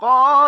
哥。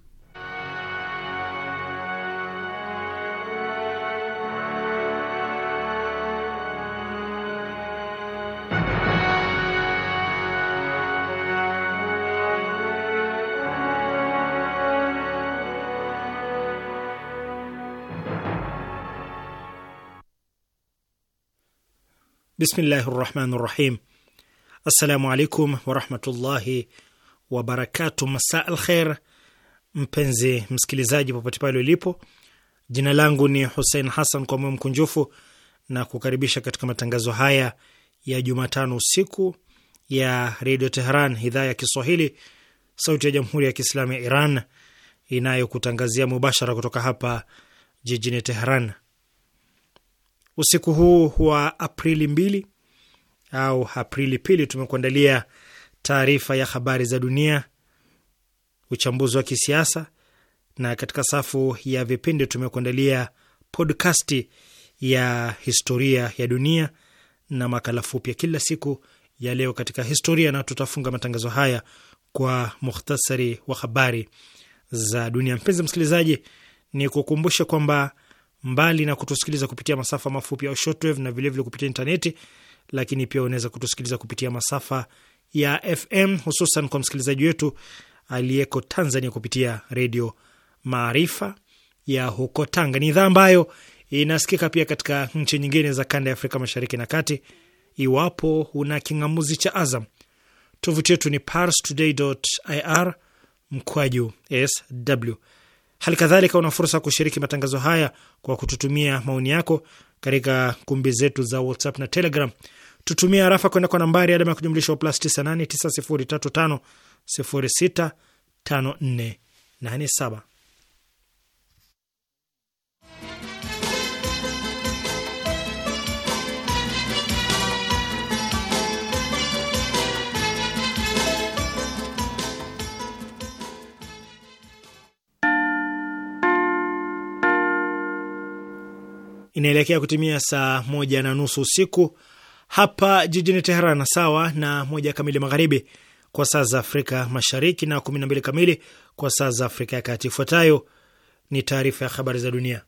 Bismillahi rahmani rahim. Assalamu alaikum warahmatullahi wabarakatu. Masa al kher, mpenzi msikilizaji, popote pale ulipo. Jina langu ni Husein Hasan, kwa moyo mkunjufu na kukaribisha katika matangazo haya ya Jumatano usiku ya Redio Teheran, idhaa ya Kiswahili, sauti ya Jamhuri ya Kiislamu ya Iran inayokutangazia mubashara kutoka hapa jijini Teheran usiku huu wa Aprili mbili au Aprili pili tumekuandalia taarifa ya habari za dunia, uchambuzi wa kisiasa, na katika safu ya vipindi tumekuandalia podkasti ya historia ya dunia na makala fupi ya kila siku ya leo katika historia, na tutafunga matangazo haya kwa mukhtasari wa habari za dunia. Mpenzi msikilizaji, ni kukumbusha kwamba mbali na kutusikiliza kupitia masafa mafupi au shortwave na vilevile kupitia intaneti, lakini pia unaweza kutusikiliza kupitia masafa ya FM hususan kwa msikilizaji wetu aliyeko Tanzania kupitia Redio Maarifa ya huko Tanga. Ni idhaa ambayo inasikika pia katika nchi nyingine za kanda ya Afrika Mashariki na Kati iwapo una king'amuzi cha Azam. Tovuti yetu ni parstoday.ir mkwaju sw Hali kadhalika una fursa ya kushiriki matangazo haya kwa kututumia maoni yako katika kumbi zetu za WhatsApp na Telegram. Tutumia harafa kwenda kwa nambari adama ya kujumlisha plus 98 9035065487. inaelekea kutimia saa moja na nusu usiku hapa jijini Teheran, sawa na moja kamili magharibi kwa saa za Afrika Mashariki na kumi na mbili kamili kwa saa za Afrika ya Kati. Ifuatayo ni taarifa ya habari za dunia,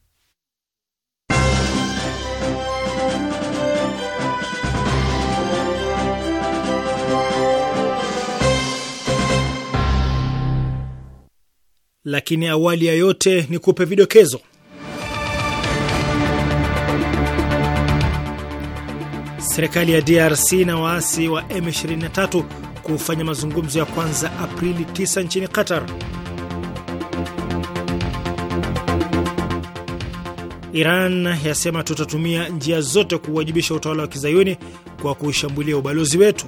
lakini awali ya yote ni kupe vidokezo Serikali ya DRC na waasi wa M23 kufanya mazungumzo ya kwanza Aprili 9 nchini Qatar. Iran yasema tutatumia njia zote kuwajibisha utawala wa kizayuni kwa kuishambulia ubalozi wetu.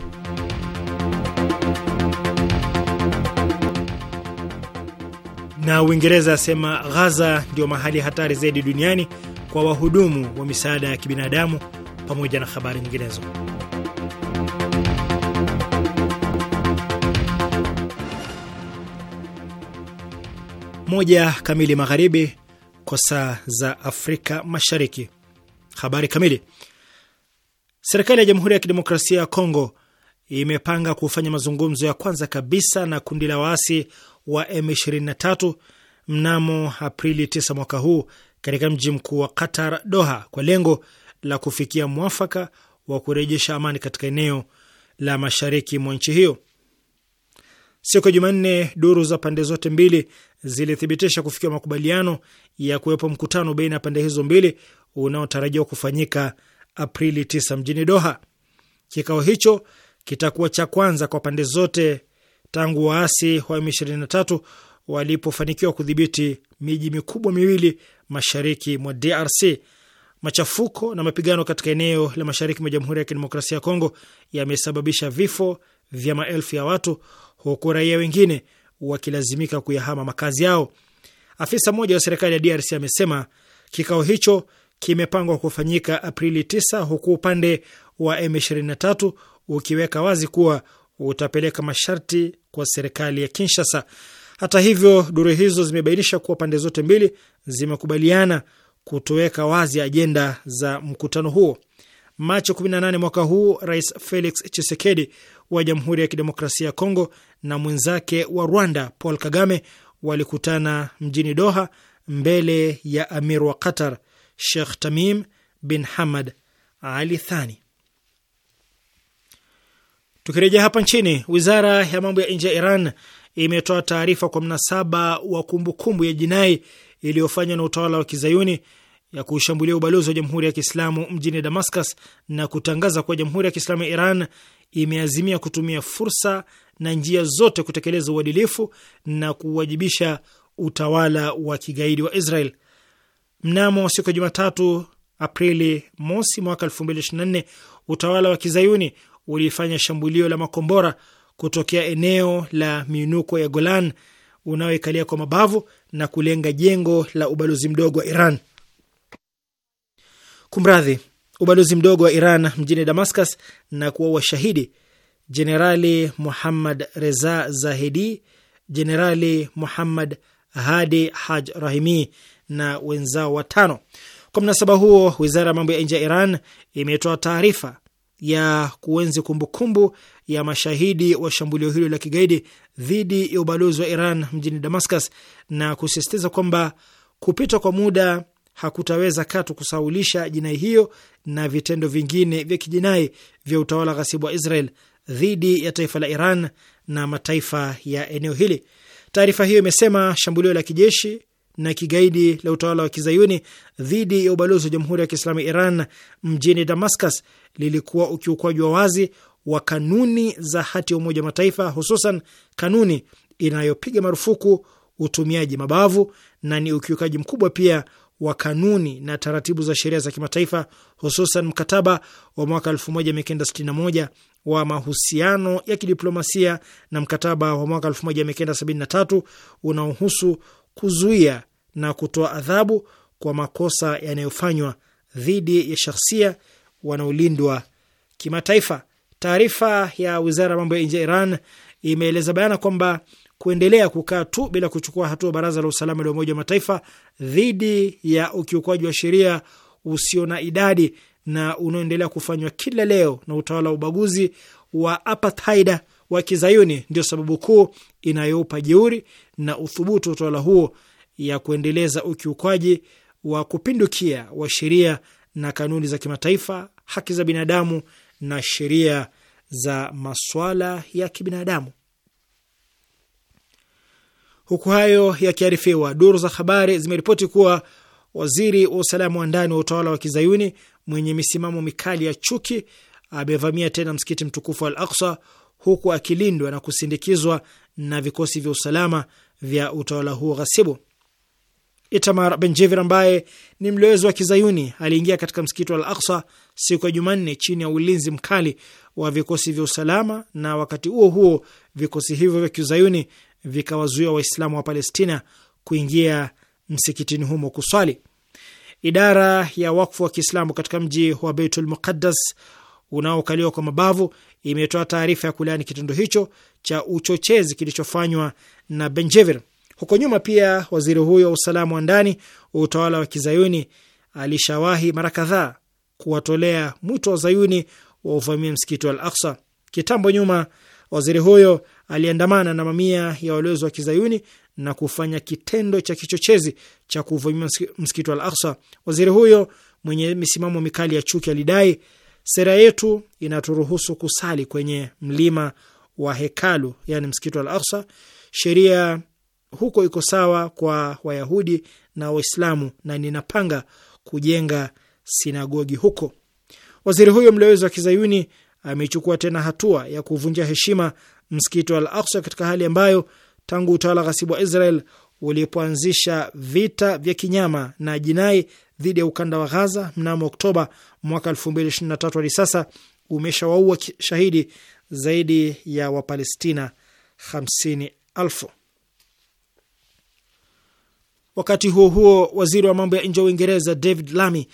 Na Uingereza yasema Ghaza ndio mahali hatari zaidi duniani kwa wahudumu wa misaada ya kibinadamu pamoja na habari nyinginezo. Moja kamili magharibi kwa saa za Afrika Mashariki. Habari kamili. Serikali ya Jamhuri ya Kidemokrasia ya Kongo imepanga kufanya mazungumzo ya kwanza kabisa na kundi la waasi wa M23 mnamo Aprili 9 mwaka huu katika mji mkuu wa Qatar, Doha, kwa lengo la kufikia mwafaka wa kurejesha amani katika eneo la mashariki mwa nchi hiyo. Siku ya Jumanne, duru za pande zote mbili zilithibitisha kufikia makubaliano ya kuwepo mkutano baina ya pande hizo mbili unaotarajiwa kufanyika Aprili 9 mjini Doha. Kikao hicho kitakuwa cha kwanza kwa pande zote tangu waasi wa M23 walipofanikiwa kudhibiti miji mikubwa miwili mashariki mwa DRC. Machafuko na mapigano katika eneo la mashariki mwa Jamhuri ya Kidemokrasia ya Kongo yamesababisha vifo vya maelfu ya watu huku raia wengine wakilazimika kuyahama makazi yao. Afisa mmoja wa serikali ya DRC amesema kikao hicho kimepangwa kufanyika Aprili 9 huku upande wa M23 ukiweka wazi kuwa utapeleka masharti kwa serikali ya Kinshasa. Hata hivyo, duru hizo zimebainisha kuwa pande zote mbili zimekubaliana kutoweka wazi ajenda za mkutano huo. Machi 18 mwaka huu, Rais Felix Tshisekedi wa Jamhuri ya Kidemokrasia ya Kongo na mwenzake wa Rwanda Paul Kagame walikutana mjini Doha mbele ya Amir wa Qatar Sheikh Tamim bin Hamad Ali Thani. Tukirejea hapa nchini, wizara ya mambo ya nje ya Iran imetoa taarifa kwa mnasaba wa kumbukumbu kumbu ya jinai iliyofanywa na utawala wa kizayuni ya kushambulia ubalozi wa Jamhuri ya Kiislamu mjini Damascus na kutangaza kuwa Jamhuri ya Kiislamu ya Iran imeazimia kutumia fursa na njia zote kutekeleza uadilifu na kuwajibisha utawala wa kigaidi wa Israel. Mnamo siku ya Jumatatu, Aprili mosi mwaka 2024 utawala wa kizayuni ulifanya shambulio la makombora kutokea eneo la miinuko ya Golan unaoikalia kwa mabavu na kulenga jengo la ubalozi mdogo wa Iran. Kumradhi, ubalozi mdogo wa Iran mjini Damascus na kuwa washahidi Jenerali Muhammad Reza Zahedi, Jenerali Muhammad Hadi Haj Rahimi na wenzao watano. Kwa mnasaba huo, wizara ya mambo ya nje ya Iran imetoa taarifa ya kuenzi kumbukumbu ya mashahidi wa shambulio hilo la kigaidi dhidi ya ubalozi wa Iran mjini Damascus na kusisitiza kwamba kupitwa kwa muda hakutaweza katu kusaulisha jinai hiyo na vitendo vingine vya kijinai vya utawala ghasibu wa Israel dhidi ya taifa la Iran na mataifa ya eneo hili. Taarifa hiyo imesema shambulio la kijeshi na kigaidi la utawala wa kizayuni dhidi ya ubalozi wa Jamhuri ya Kiislamu ya Iran mjini Damascus lilikuwa ukiukwaji wa wazi wa kanuni za hati ya Umoja wa Mataifa, hususan kanuni inayopiga marufuku utumiaji mabavu na ni ukiukaji mkubwa pia wa kanuni na taratibu za sheria za kimataifa, hususan mkataba wa mwaka 1961 wa mahusiano ya kidiplomasia na mkataba wa mwaka 1973 unaohusu kuzuia na kutoa adhabu kwa makosa yanayofanywa dhidi ya shahsia wanaolindwa kimataifa. Taarifa ya wizara ya mambo ya nje ya Iran imeeleza bayana kwamba kuendelea kukaa tu bila kuchukua hatua baraza la usalama la Umoja wa Mataifa dhidi ya ukiukwaji wa sheria usio na idadi na unaoendelea kufanywa kila leo na utawala wa ubaguzi wa apartheid wa kizayuni ndio sababu kuu inayoupa jeuri na uthubutu utawala huo ya kuendeleza ukiukwaji wa kupindukia wa sheria na kanuni za kimataifa, haki za binadamu na sheria za masuala ya kibinadamu. Huku hayo yakiarifiwa, duru za habari zimeripoti kuwa waziri wa usalama wa ndani wa utawala wa kizayuni mwenye misimamo mikali ya chuki amevamia tena msikiti mtukufu wa Al Aksa huku akilindwa na kusindikizwa na vikosi vya usalama vya utawala huo ghasibu. Itamar Benjevir ambaye ni mlowezi wa kizayuni aliingia katika msikiti wa Al Aksa siku ya Jumanne chini ya ulinzi mkali wa vikosi vya usalama, na wakati huo huo vikosi hivyo vya kizayuni vikawazuia Waislamu wa Palestina kuingia msikitini humo kuswali. Idara ya wakfu wa Kiislamu katika mji wa Beitul Muqaddas unaokaliwa kwa mabavu imetoa taarifa ya kulaani kitendo hicho cha uchochezi kilichofanywa na Benjevir. Huko nyuma pia waziri huyo wa usalama wa ndani wa utawala wa kizayuni alishawahi mara kadhaa kuwatolea mwito wa zayuni wa uvamia msikiti wa Al Aksa. Kitambo nyuma, waziri huyo aliandamana na mamia ya walowezi wa kizayuni na kufanya kitendo cha kichochezi cha kuvamia msikiti wa Al Aksa. Waziri huyo mwenye misimamo mikali ya chuki alidai, sera yetu inaturuhusu kusali kwenye mlima wa hekalu, yani msikiti wa Al Aksa. Sheria huko iko sawa kwa Wayahudi na Waislamu, na ninapanga kujenga sinagogi huko. Waziri huyo mlowezi wa kizayuni amechukua tena hatua ya kuvunja heshima msikiti wa Al Aksa katika hali ambayo tangu utawala ghasibu wa Israel ulipoanzisha vita vya kinyama na jinai dhidi ya ukanda wa Ghaza mnamo Oktoba mwaka 2023 hadi sasa umeshawaua shahidi zaidi ya Wapalestina 50,000. Wakati huo huo, waziri wa mambo ya nje wa Uingereza David Lammy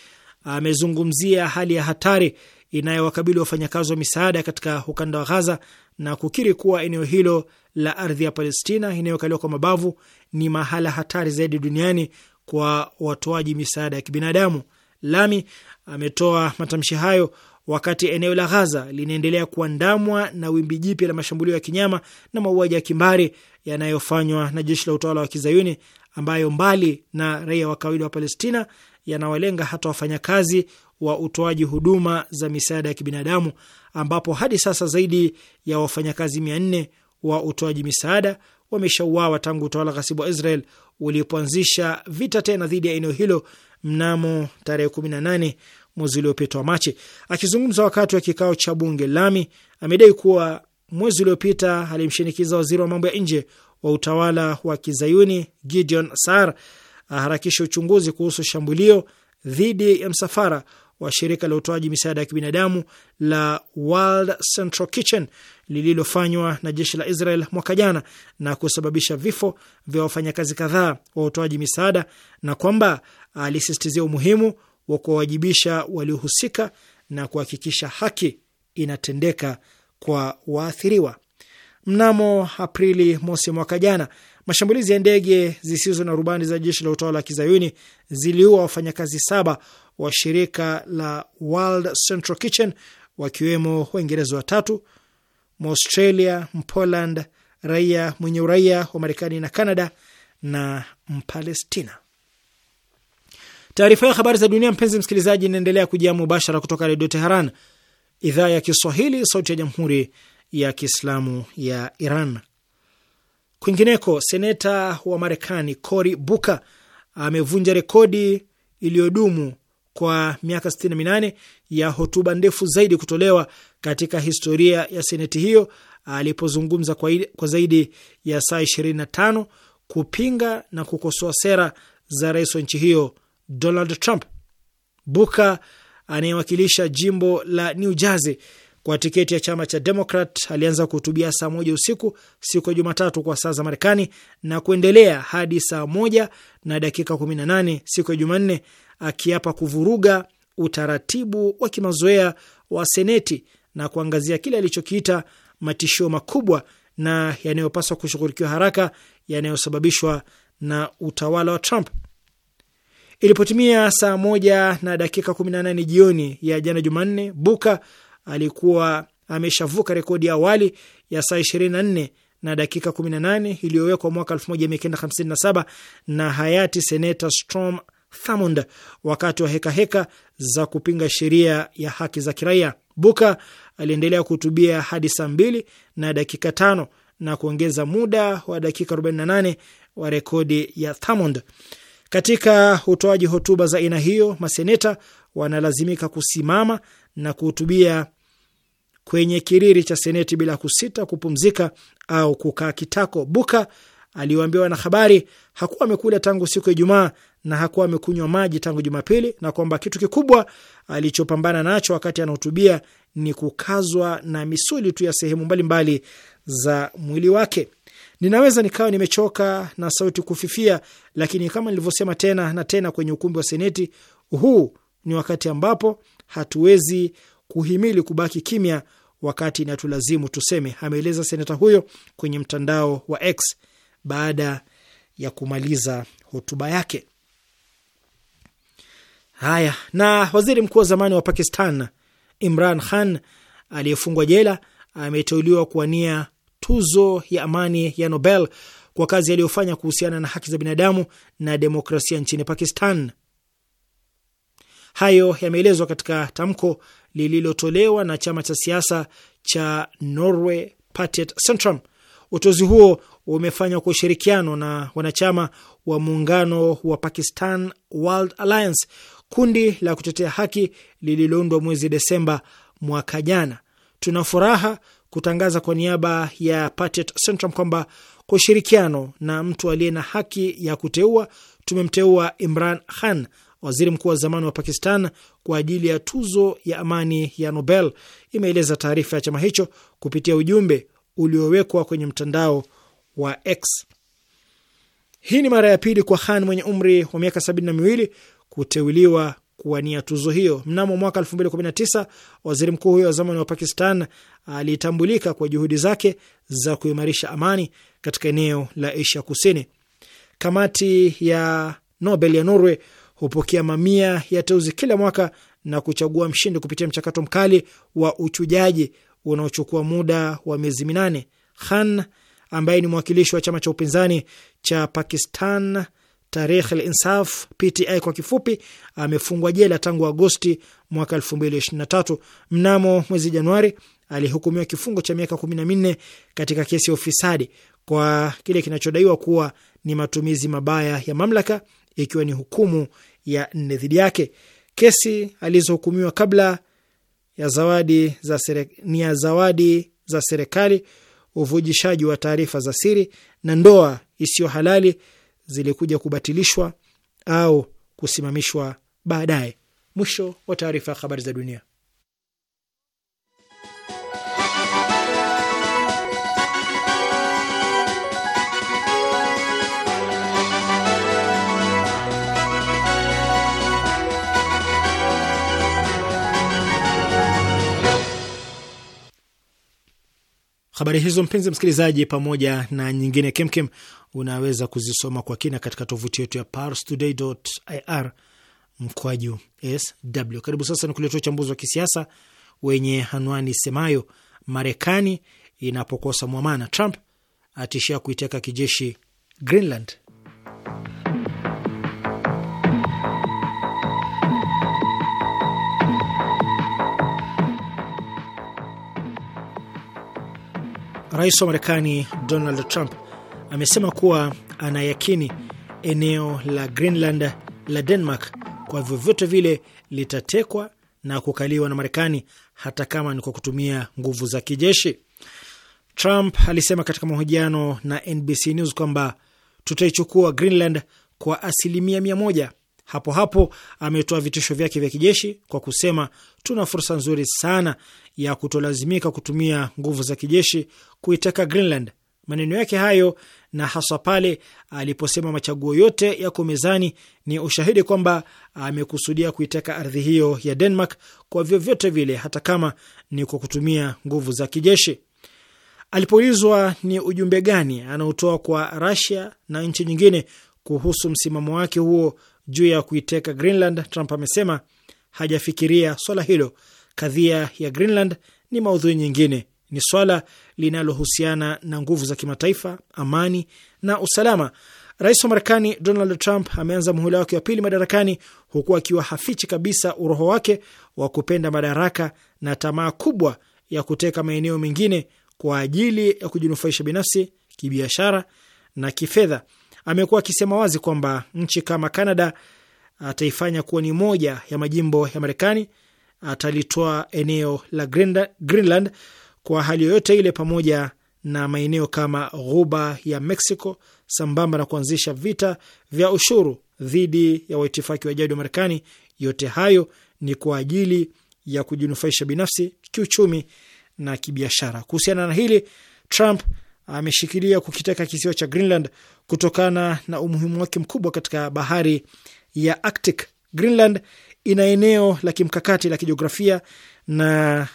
amezungumzia hali ya hatari inayowakabili wafanyakazi wa misaada katika ukanda wa Ghaza na kukiri kuwa eneo hilo la ardhi ya Palestina inayokaliwa kwa mabavu ni mahala hatari zaidi duniani kwa watoaji misaada ya kibinadamu. Lami ametoa matamshi hayo wakati eneo la Ghaza linaendelea kuandamwa na wimbi jipya la mashambulio ya kinyama na mauaji ya kimbari yanayofanywa na jeshi la utawala wa Kizayuni, ambayo mbali na raia wa kawaida wa Palestina yanawalenga hata wafanyakazi wa utoaji huduma za misaada ya kibinadamu ambapo hadi sasa zaidi ya wafanyakazi mia nne wa utoaji misaada wameshauawa tangu utawala ghasibu wa Israel ulipoanzisha vita tena dhidi ya eneo hilo mnamo tarehe nane mwezi uliopita wa Machi. Akizungumza wakati wa kikao cha bunge, Lami amedai kuwa mwezi uliopita alimshinikiza waziri wa mambo ya nje wa utawala wa kizayuni Gideon Sar aharakisha uchunguzi kuhusu shambulio dhidi ya msafara wa shirika la utoaji misaada ya kibinadamu la World Central Kitchen lililofanywa na jeshi la Israel mwaka jana na kusababisha vifo vya wafanyakazi kadhaa wa utoaji misaada, na kwamba alisisitizia umuhimu wa kuwawajibisha waliohusika na kuhakikisha haki inatendeka kwa waathiriwa. Mnamo Aprili mosi mwaka jana Mashambulizi ya ndege zisizo na rubani za jeshi la utawala wa kizayuni ziliua wafanyakazi saba wa shirika la World Central Kitchen, wakiwemo Waingereza watatu, Maustralia, Mpoland, raia mwenye uraia wa Marekani na Canada na Mpalestina. Taarifa ya habari za dunia, mpenzi msikilizaji, inaendelea kujia mubashara kutoka Redio Teheran, idhaa ya Kiswahili, sauti ya jamhuri ya kiislamu ya Iran. Kwingineko, seneta wa Marekani Cory Booker amevunja rekodi iliyodumu kwa miaka 68 ya hotuba ndefu zaidi kutolewa katika historia ya seneti hiyo alipozungumza kwa, kwa zaidi ya saa 25 kupinga na kukosoa sera za rais wa nchi hiyo Donald Trump. Booker anayewakilisha jimbo la New Jersey kwa tiketi ya chama cha Demokrat alianza kuhutubia saa moja usiku siku ya Jumatatu kwa saa za Marekani na kuendelea hadi saa moja na dakika nane siku ya Jumanne, akiapa kuvuruga utaratibu wa kimazoea wa Seneti na kuangazia kile alichokiita matishio makubwa na yanayopaswa kushughulikiwa haraka yanayosababishwa na utawala wa Trump. Ilipotimia saa moja na dakika nane jioni ya jana Jumanne, Buka alikuwa ameshavuka rekodi ya awali ya saa 24 na dakika 18 iliyowekwa mwaka 1957 na hayati seneta Strom Thurmond wakati wa hekaheka heka za kupinga sheria ya haki za kiraia. Buka aliendelea kuhutubia hadi saa mbili na dakika tano na kuongeza muda wa dakika 48 wa rekodi ya Thurmond. Katika utoaji hotuba za aina hiyo, maseneta wanalazimika kusimama na kuhutubia kwenye kiriri cha seneti bila kusita kupumzika au kukaa kitako. Buka aliwaambia wanahabari hakuwa amekula tangu siku ya Ijumaa na hakuwa amekunywa maji tangu Jumapili, na kwamba kitu kikubwa alichopambana nacho wakati anahutubia ni kukazwa na misuli tu ya sehemu mbalimbali mbali za mwili wake. Ninaweza nikawa nimechoka na sauti kufifia, lakini kama nilivyosema tena na tena kwenye ukumbi wa Seneti, huu ni wakati ambapo hatuwezi kuhimili kubaki kimya wakati inatulazimu tuseme, ameeleza seneta huyo kwenye mtandao wa X baada ya kumaliza hotuba yake. Haya, na waziri mkuu wa zamani wa Pakistan Imran Khan aliyefungwa jela ameteuliwa kuwania tuzo ya amani ya Nobel kwa kazi aliyofanya kuhusiana na haki za binadamu na demokrasia nchini Pakistan. Hayo yameelezwa katika tamko lililotolewa na chama cha siasa cha Norway Partiet Centrum. Uteuzi huo umefanywa kwa ushirikiano na wanachama wa muungano wa Pakistan World Alliance, kundi la kutetea haki lililoundwa mwezi Desemba mwaka jana. Tuna furaha kutangaza kwa niaba ya Partiet Centrum kwamba kwa ushirikiano na mtu aliye na haki ya kuteua tumemteua Imran Khan waziri mkuu wa zamani wa Pakistan kwa ajili ya tuzo ya amani ya Nobel, imeeleza taarifa ya chama hicho kupitia ujumbe uliowekwa kwenye mtandao wa X. Hii ni mara ya pili kwa Khan mwenye umri wa miaka sabini na miwili kuteuliwa kuwania tuzo hiyo. Mnamo mwaka 2019 waziri mkuu huyo wa zamani wa Pakistan alitambulika kwa juhudi zake za kuimarisha amani katika eneo la Asia Kusini. Kamati ya Nobel ya Norway hupokea mamia ya teuzi kila mwaka na kuchagua mshindi kupitia mchakato mkali wa uchujaji unaochukua muda wa miezi minane. Khan ambaye ni mwakilishi wa chama cha upinzani cha Pakistan Tarikh al Insaf, PTI kwa kifupi, amefungwa jela tangu Agosti mwaka 2023. Mnamo mwezi Januari alihukumiwa kifungo cha miaka 14 katika kesi ya ufisadi kwa kile kinachodaiwa kuwa ni matumizi mabaya ya mamlaka ikiwa ni hukumu ya nne dhidi yake. Kesi alizohukumiwa kabla ya zawadi za ni ya zawadi za serikali, uvujishaji wa taarifa za siri na ndoa isiyo halali zilikuja kubatilishwa au kusimamishwa baadaye. Mwisho wa taarifa ya habari za dunia. Habari hizo mpenzi msikilizaji, pamoja na nyingine kemkem, unaweza kuzisoma kwa kina katika tovuti yetu ya parstoday.ir mkwaju sw. Karibu sasa ni kuletea uchambuzi wa kisiasa wenye anwani semayo, Marekani inapokosa mwamana, Trump atishia kuiteka kijeshi Greenland. Rais wa Marekani Donald Trump amesema kuwa anayakini eneo la Greenland la Denmark kwa vyovyote vile litatekwa na kukaliwa na Marekani hata kama ni kwa kutumia nguvu za kijeshi. Trump alisema katika mahojiano na NBC News kwamba tutaichukua Greenland kwa asilimia mia moja. Hapo hapo ametoa vitisho vyake vya kijeshi kwa kusema tuna fursa nzuri sana ya kutolazimika kutumia nguvu za kijeshi kuiteka Greenland. Maneno yake hayo na haswa pale aliposema machaguo yote yako mezani ni ushahidi kwamba amekusudia kuiteka ardhi hiyo ya Denmark kwa vyovyote vile, hata kama ni kwa kutumia nguvu za kijeshi. Alipoulizwa ni ujumbe gani anaotoa kwa Russia na nchi nyingine kuhusu msimamo wake huo juu ya kuiteka Greenland, Trump amesema hajafikiria swala hilo. Kadhia ya Greenland ni maudhui nyingine ni swala linalohusiana na nguvu za kimataifa, amani na usalama. Rais wa Marekani Donald Trump ameanza muhula wake wa pili madarakani huku akiwa hafichi kabisa uroho wake wa kupenda madaraka na tamaa kubwa ya kuteka maeneo mengine kwa ajili ya kujinufaisha binafsi, kibiashara na kifedha. Amekuwa akisema wazi kwamba nchi kama Canada ataifanya kuwa ni moja ya majimbo ya Marekani, atalitoa eneo la Greenland kwa hali yoyote ile, pamoja na maeneo kama ghuba ya Mexico, sambamba na kuanzisha vita vya ushuru dhidi ya waitifaki wa jadi wa Marekani. Yote hayo ni kwa ajili ya kujinufaisha binafsi kiuchumi na kibiashara. Kuhusiana na hili, Trump ameshikilia kukiteka kisiwa cha Greenland kutokana na umuhimu wake mkubwa katika bahari ya Arctic. Greenland ina eneo la kimkakati la kijiografia na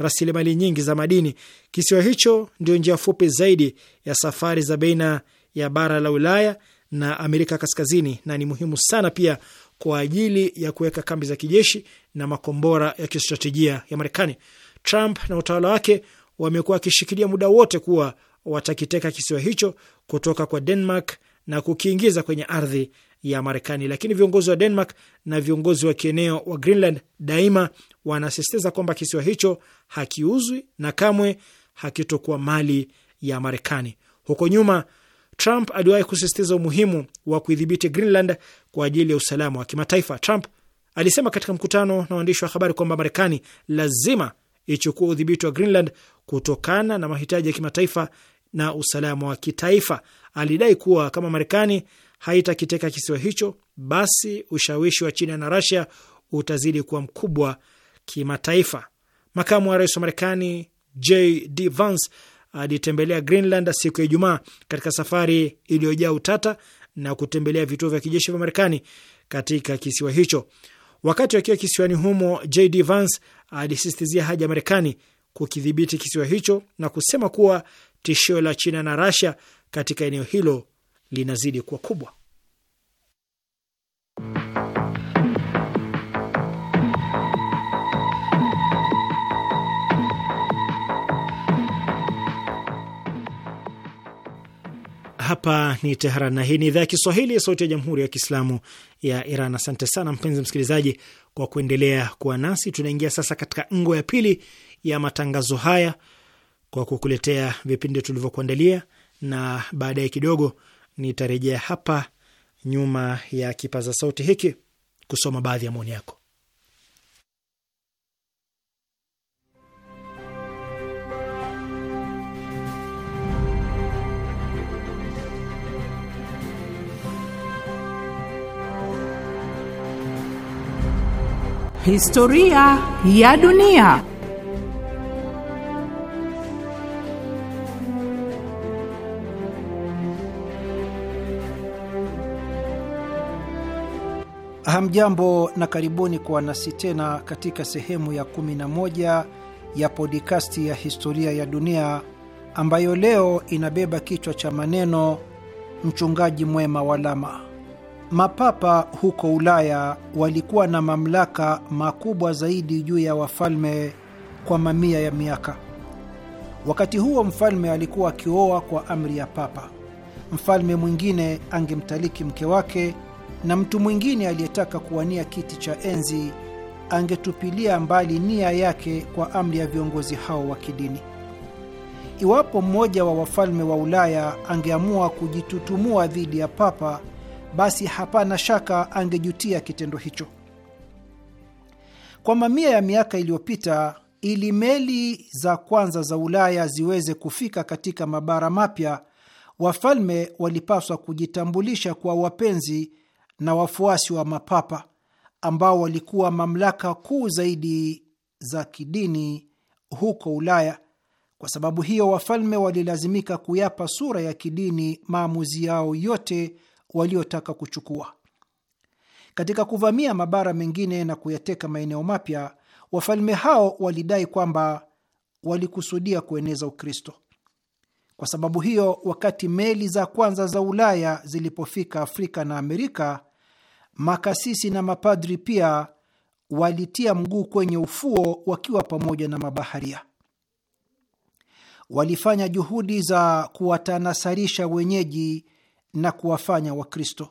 rasilimali nyingi za madini. Kisiwa hicho ndio njia fupi zaidi ya safari za baina ya bara la Ulaya na Amerika Kaskazini, na ni muhimu sana pia kwa ajili ya kuweka kambi za kijeshi na makombora ya kistratejia ya Marekani. Trump na utawala wake wamekuwa wakishikilia muda wote kuwa watakiteka kisiwa hicho kutoka kwa Denmark na kukiingiza kwenye ardhi ya Marekani. Lakini viongozi wa Denmark na viongozi wa kieneo wa Greenland daima wanasisitiza kwamba kisiwa hicho hakiuzwi na kamwe hakitokuwa mali ya Marekani. Huko nyuma, Trump aliwahi kusisitiza umuhimu wa kuidhibiti Greenland kwa ajili ya usalama wa kimataifa. Trump alisema katika mkutano na waandishi wa habari kwamba Marekani lazima ichukua udhibiti wa Greenland kutokana na mahitaji ya kimataifa na usalama wa kitaifa. Alidai kuwa kama Marekani haitakiteka kisiwa hicho, basi ushawishi wa China na Rasia utazidi kuwa mkubwa kimataifa. Makamu wa rais wa Marekani JD Vance alitembelea Greenland siku ya Ijumaa katika safari iliyojaa utata na kutembelea vituo vya kijeshi vya Marekani katika kisiwa hicho. Wakati wakiwa kisiwani humo, JD Vance alisisitizia haja ya Marekani kukidhibiti kisiwa hicho na kusema kuwa tishio la China na Rasia katika eneo hilo linazidi kuwa kubwa. Hapa ni Teheran na hii ni idhaa ya Kiswahili, sauti ya jamhuri ya kiislamu ya Iran. Asante sana mpenzi msikilizaji kwa kuendelea kuwa nasi. Tunaingia sasa katika ngo ya pili ya matangazo haya kwa kukuletea vipindi tulivyokuandalia, na baadaye kidogo nitarejea hapa nyuma ya kipaza sauti hiki kusoma baadhi ya maoni yako. Historia ya dunia. Hamjambo na karibuni kuwa nasi tena katika sehemu ya 11 ya podikasti ya historia ya dunia ambayo leo inabeba kichwa cha maneno mchungaji mwema wa lama. Mapapa huko Ulaya walikuwa na mamlaka makubwa zaidi juu ya wafalme kwa mamia ya miaka. Wakati huo mfalme alikuwa akioa kwa amri ya papa. Mfalme mwingine angemtaliki mke wake na mtu mwingine aliyetaka kuwania kiti cha enzi angetupilia mbali nia yake kwa amri ya viongozi hao wa kidini. Iwapo mmoja wa wafalme wa Ulaya angeamua kujitutumua dhidi ya papa, basi hapana shaka angejutia kitendo hicho. Kwa mamia ya miaka iliyopita, ili meli za kwanza za Ulaya ziweze kufika katika mabara mapya, wafalme walipaswa kujitambulisha kwa wapenzi na wafuasi wa mapapa ambao walikuwa mamlaka kuu zaidi za kidini huko Ulaya. Kwa sababu hiyo, wafalme walilazimika kuyapa sura ya kidini maamuzi yao yote waliotaka kuchukua. Katika kuvamia mabara mengine na kuyateka maeneo mapya, wafalme hao walidai kwamba walikusudia kueneza Ukristo. Kwa sababu hiyo, wakati meli za kwanza za Ulaya zilipofika Afrika na Amerika, makasisi na mapadri pia walitia mguu kwenye ufuo wakiwa pamoja na mabaharia. Walifanya juhudi za kuwatanasarisha wenyeji na kuwafanya Wakristo.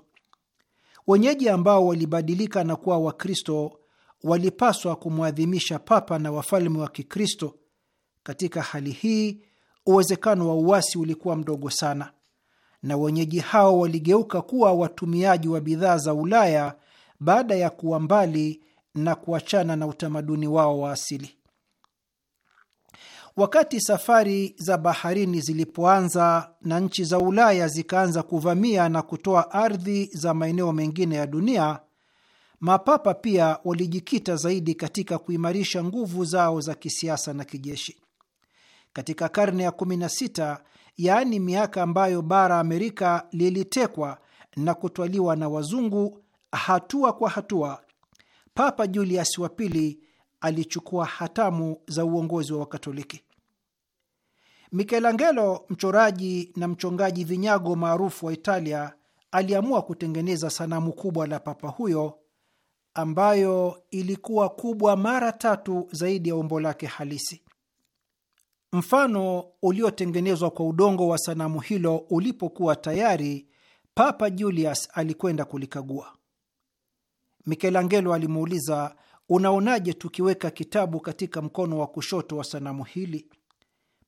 Wenyeji ambao walibadilika na kuwa Wakristo walipaswa kumwadhimisha papa na wafalme wa Kikristo. Katika hali hii, uwezekano wa uasi ulikuwa mdogo sana na wenyeji hao waligeuka kuwa watumiaji wa bidhaa za Ulaya baada ya kuwa mbali na kuachana na utamaduni wao wa asili. Wakati safari za baharini zilipoanza na nchi za Ulaya zikaanza kuvamia na kutoa ardhi za maeneo mengine ya dunia, mapapa pia walijikita zaidi katika kuimarisha nguvu zao za kisiasa na kijeshi. Katika karne ya 16 yaani miaka ambayo bara Amerika lilitekwa na kutwaliwa na wazungu hatua kwa hatua, Papa Julius wa pili alichukua hatamu za uongozi wa Wakatoliki. Michelangelo, mchoraji na mchongaji vinyago maarufu wa Italia, aliamua kutengeneza sanamu kubwa la papa huyo ambayo ilikuwa kubwa mara tatu zaidi ya umbo lake halisi. Mfano uliotengenezwa kwa udongo wa sanamu hilo ulipokuwa tayari, Papa Julius alikwenda kulikagua. Mikelangelo alimuuliza, unaonaje tukiweka kitabu katika mkono wa kushoto wa sanamu hili?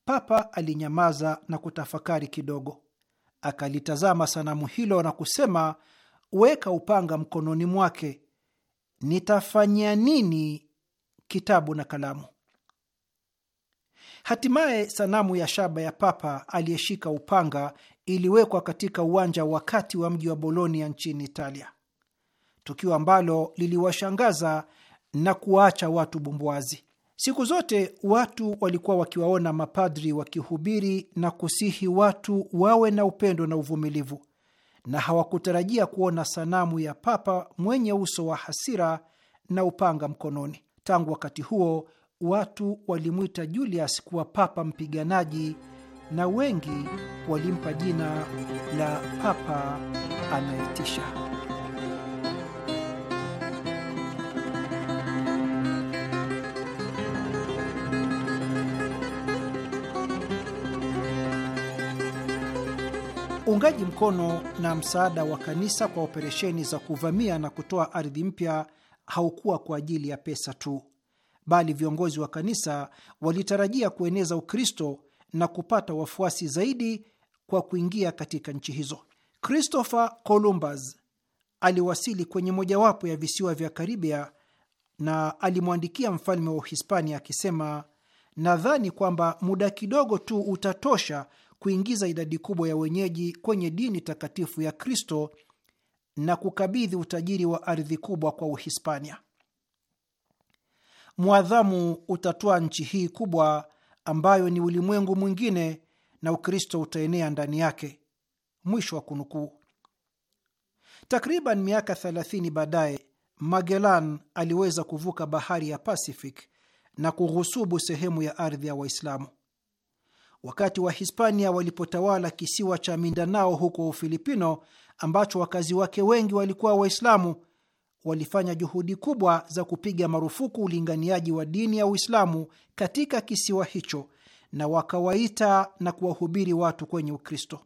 Papa alinyamaza na kutafakari kidogo, akalitazama sanamu hilo na kusema, weka upanga mkononi mwake. Nitafanyia nini kitabu na kalamu? Hatimaye sanamu ya shaba ya papa aliyeshika upanga iliwekwa katika uwanja wa kati wa mji wa Bolonia nchini Italia, tukio ambalo liliwashangaza na kuwaacha watu bumbwazi. Siku zote watu walikuwa wakiwaona mapadri wakihubiri na kusihi watu wawe na upendo na uvumilivu, na hawakutarajia kuona sanamu ya papa mwenye uso wa hasira na upanga mkononi. Tangu wakati huo watu walimwita Julius kuwa papa mpiganaji na wengi walimpa jina la papa anaitisha. Uungaji mkono na msaada wa kanisa kwa operesheni za kuvamia na kutoa ardhi mpya haukuwa kwa ajili ya pesa tu bali viongozi wa kanisa walitarajia kueneza Ukristo na kupata wafuasi zaidi kwa kuingia katika nchi hizo. Christopher Columbus aliwasili kwenye mojawapo ya visiwa vya Karibia na alimwandikia mfalme wa Uhispania akisema, nadhani kwamba muda kidogo tu utatosha kuingiza idadi kubwa ya wenyeji kwenye dini takatifu ya Kristo na kukabidhi utajiri wa ardhi kubwa kwa Uhispania mwadhamu utatoa nchi hii kubwa ambayo ni ulimwengu mwingine na Ukristo utaenea ndani yake. Mwisho wa kunukuu. Takriban miaka 30 baadaye Magellan aliweza kuvuka bahari ya Pacific na kughusubu sehemu ya ardhi ya Waislamu. Wakati wa Hispania walipotawala kisiwa cha Mindanao huko Ufilipino, ambacho wakazi wake wengi walikuwa Waislamu, walifanya juhudi kubwa za kupiga marufuku ulinganiaji wa dini ya Uislamu katika kisiwa hicho na wakawaita na kuwahubiri watu kwenye Ukristo.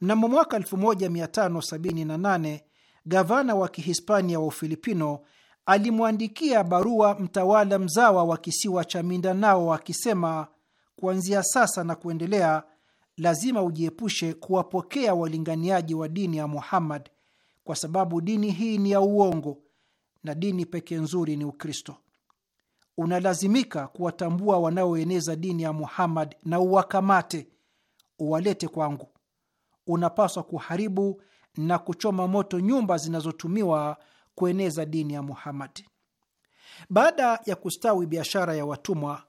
Mnamo mwaka 1578 gavana wa Kihispania wa Ufilipino alimwandikia barua mtawala mzawa wa kisiwa cha Mindanao akisema, kuanzia sasa na kuendelea, lazima ujiepushe kuwapokea walinganiaji wa dini ya Muhammad kwa sababu dini hii ni ya uongo na dini pekee nzuri ni Ukristo. Unalazimika kuwatambua wanaoeneza dini ya Muhammad na uwakamate, uwalete kwangu. Unapaswa kuharibu na kuchoma moto nyumba zinazotumiwa kueneza dini ya Muhammad. Baada ya kustawi biashara ya watumwa,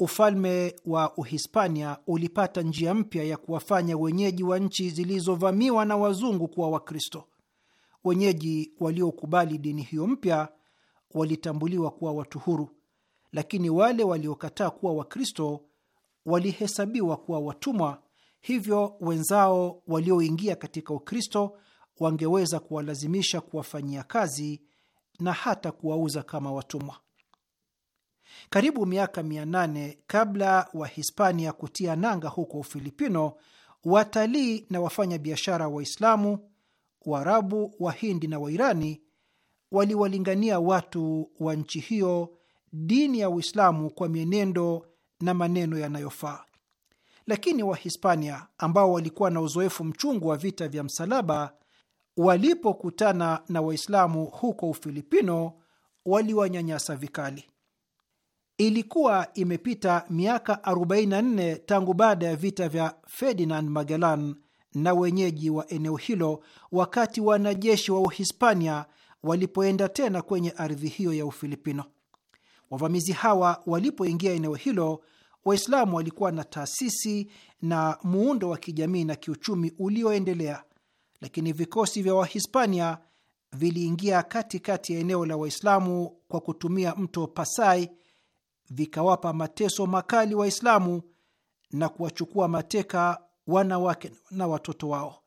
ufalme wa Uhispania ulipata njia mpya ya kuwafanya wenyeji wa nchi zilizovamiwa na wazungu kuwa Wakristo wenyeji waliokubali dini hiyo mpya walitambuliwa kuwa watu huru, lakini wale waliokataa kuwa Wakristo walihesabiwa kuwa watumwa. Hivyo wenzao walioingia katika Ukristo wangeweza kuwalazimisha kuwafanyia kazi na hata kuwauza kama watumwa. Karibu miaka mia nane kabla Wahispania kutia nanga huko Ufilipino, watalii na wafanya biashara Waislamu Waarabu, Wahindi na Wairani waliwalingania watu wa nchi hiyo dini ya Uislamu kwa mienendo na maneno yanayofaa. Lakini Wahispania ambao walikuwa na uzoefu mchungu wa vita vya msalaba, walipokutana na Waislamu huko Ufilipino, waliwanyanyasa vikali. Ilikuwa imepita miaka 44 tangu baada ya vita vya Ferdinand Magellan na wenyeji wa eneo hilo wakati wanajeshi wa Uhispania walipoenda tena kwenye ardhi hiyo ya Ufilipino. Wavamizi hawa walipoingia eneo hilo, Waislamu walikuwa na taasisi na muundo wa kijamii na kiuchumi ulioendelea, lakini vikosi vya Wahispania viliingia katikati ya eneo la Waislamu kwa kutumia mto Pasai, vikawapa mateso makali Waislamu na kuwachukua mateka wanawake na watoto wao.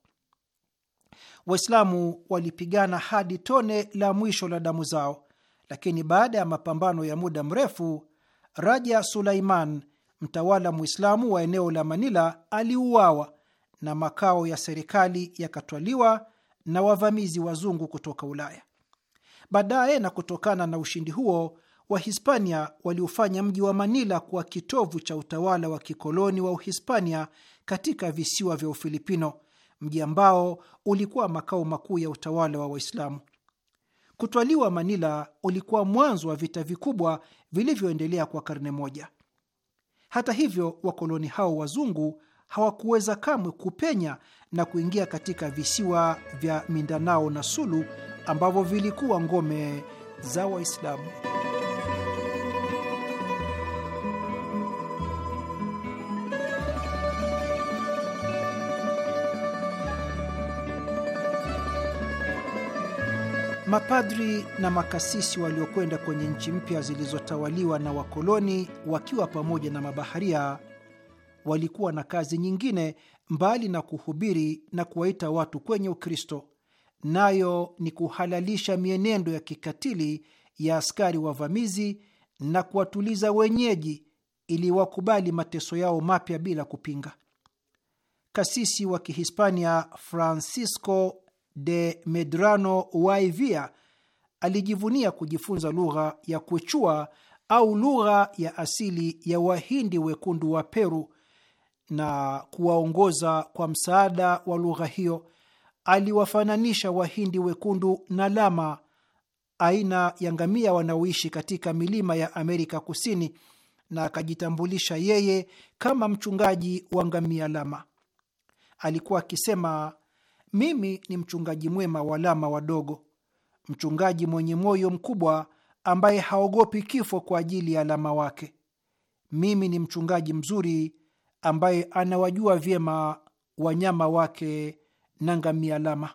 Waislamu walipigana hadi tone la mwisho la damu zao, lakini baada ya mapambano ya muda mrefu, Raja Sulaiman, mtawala Mwislamu wa eneo la Manila, aliuawa na makao ya serikali yakatwaliwa na wavamizi wazungu kutoka Ulaya. Baadaye, na kutokana na ushindi huo, Wahispania waliufanya mji wa Manila kuwa kitovu cha utawala wa kikoloni wa Uhispania katika visiwa vya Ufilipino, mji ambao ulikuwa makao makuu ya utawala wa Waislamu. Kutwaliwa Manila ulikuwa mwanzo wa vita vikubwa vilivyoendelea kwa karne moja. Hata hivyo, wakoloni hao wazungu hawakuweza kamwe kupenya na kuingia katika visiwa vya Mindanao na Sulu ambavyo vilikuwa ngome za Waislamu. Mapadri na makasisi waliokwenda kwenye nchi mpya zilizotawaliwa na wakoloni wakiwa pamoja na mabaharia walikuwa na kazi nyingine mbali na kuhubiri na kuwaita watu kwenye Ukristo, nayo ni kuhalalisha mienendo ya kikatili ya askari wavamizi na kuwatuliza wenyeji ili wakubali mateso yao mapya bila kupinga. Kasisi wa Kihispania Francisco de Medrano Waivia alijivunia kujifunza lugha ya Kuchua au lugha ya asili ya Wahindi wekundu wa Peru na kuwaongoza kwa msaada wa lugha hiyo. Aliwafananisha Wahindi wekundu na lama, aina ya ngamia wanaoishi katika milima ya Amerika Kusini, na akajitambulisha yeye kama mchungaji wa ngamia lama. Alikuwa akisema mimi ni mchungaji mwema wa lama wadogo, mchungaji mwenye moyo mkubwa ambaye haogopi kifo kwa ajili ya alama wake. Mimi ni mchungaji mzuri ambaye anawajua vyema wanyama wake na ngamia lama.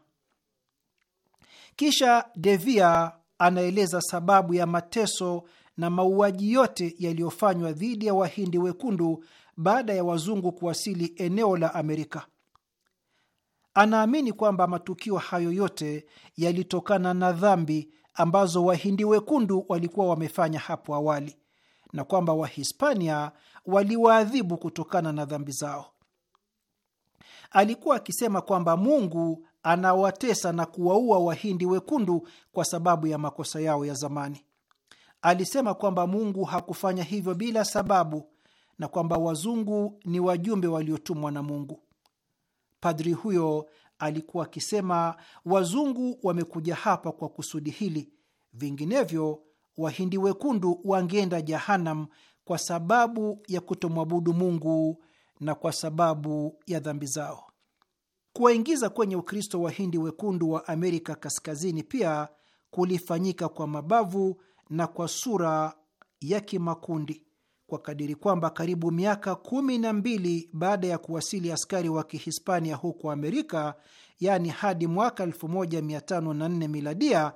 Kisha Devia anaeleza sababu ya mateso na mauaji yote yaliyofanywa dhidi ya Wahindi wekundu baada ya wazungu kuwasili eneo la Amerika. Anaamini kwamba matukio hayo yote yalitokana na dhambi ambazo Wahindi wekundu walikuwa wamefanya hapo awali na kwamba Wahispania waliwaadhibu kutokana na dhambi zao. Alikuwa akisema kwamba Mungu anawatesa na kuwaua Wahindi wekundu kwa sababu ya makosa yao ya zamani. Alisema kwamba Mungu hakufanya hivyo bila sababu na kwamba wazungu ni wajumbe waliotumwa na Mungu. Padri huyo alikuwa akisema, wazungu wamekuja hapa kwa kusudi hili, vinginevyo wahindi wekundu wangeenda Jahanam kwa sababu ya kutomwabudu Mungu na kwa sababu ya dhambi zao. Kuwaingiza kwenye Ukristo wahindi wekundu wa Amerika Kaskazini pia kulifanyika kwa mabavu na kwa sura ya kimakundi kwa kadiri kwamba karibu miaka kumi na mbili baada ya kuwasili askari wa Kihispania huko Amerika, yaani hadi mwaka 1504 miladia,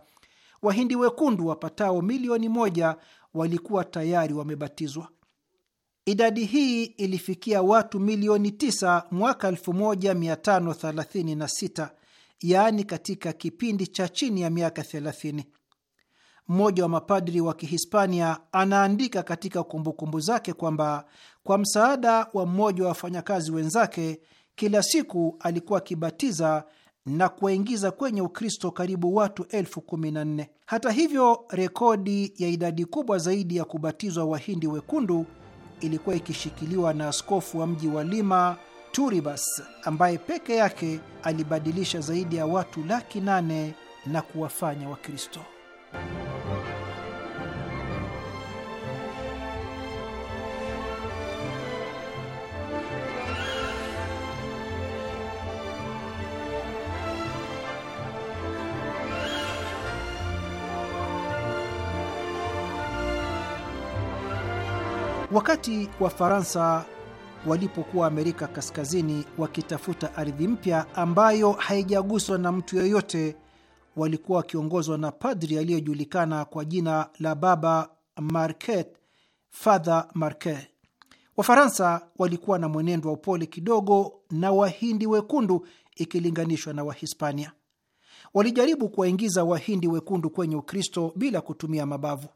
Wahindi wekundu wapatao milioni moja walikuwa tayari wamebatizwa. Idadi hii ilifikia watu milioni 9 mwaka 1536, yaani katika kipindi cha chini ya miaka 30 mmoja wa mapadri wa Kihispania anaandika katika kumbukumbu kumbu zake kwamba kwa msaada wa mmoja wa wafanyakazi wenzake, kila siku alikuwa akibatiza na kuwaingiza kwenye Ukristo karibu watu elfu kumi na nne. Hata hivyo, rekodi ya idadi kubwa zaidi ya kubatizwa Wahindi wekundu ilikuwa ikishikiliwa na askofu wa mji wa Lima Turibas, ambaye peke yake alibadilisha zaidi ya watu laki nane na kuwafanya Wakristo. Wakati Wafaransa walipokuwa Amerika Kaskazini wakitafuta ardhi mpya ambayo haijaguswa na mtu yeyote, walikuwa wakiongozwa na padri aliyojulikana kwa jina la Baba Marquet, Father Marquet. Wafaransa walikuwa na mwenendo wa upole kidogo na Wahindi wekundu ikilinganishwa na Wahispania. Walijaribu kuwaingiza Wahindi wekundu kwenye Ukristo bila kutumia mabavu.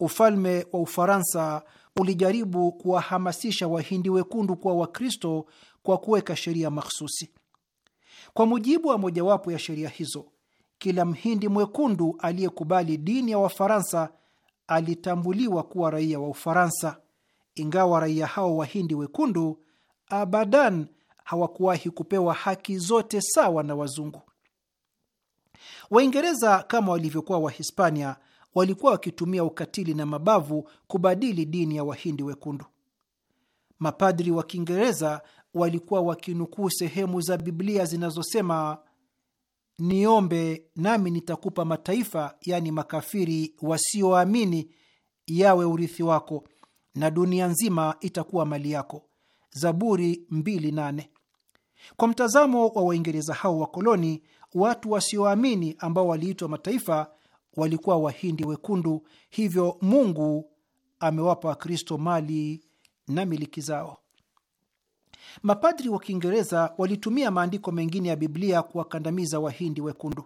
Ufalme wa Ufaransa ulijaribu kuwahamasisha Wahindi wekundu kuwa Wakristo kwa kuweka sheria mahsusi. Kwa mujibu wa mojawapo ya sheria hizo, kila Mhindi mwekundu aliyekubali dini ya Wafaransa alitambuliwa kuwa raia wa Ufaransa, ingawa raia hao Wahindi wekundu abadan hawakuwahi kupewa haki zote sawa na wazungu. Waingereza kama walivyokuwa Wahispania walikuwa wakitumia ukatili na mabavu kubadili dini ya wahindi wekundu. Mapadri wa Kiingereza walikuwa wakinukuu sehemu za Biblia zinazosema niombe, nami nitakupa mataifa, yaani makafiri wasioamini, yawe urithi wako na dunia nzima itakuwa mali yako. Zaburi 2:8. Kwa mtazamo wa Waingereza hao wakoloni, watu wasioamini ambao waliitwa mataifa walikuwa Wahindi wekundu, hivyo Mungu amewapa Wakristo mali na miliki zao. Mapadri wa Kiingereza walitumia maandiko mengine ya Biblia kuwakandamiza Wahindi wekundu.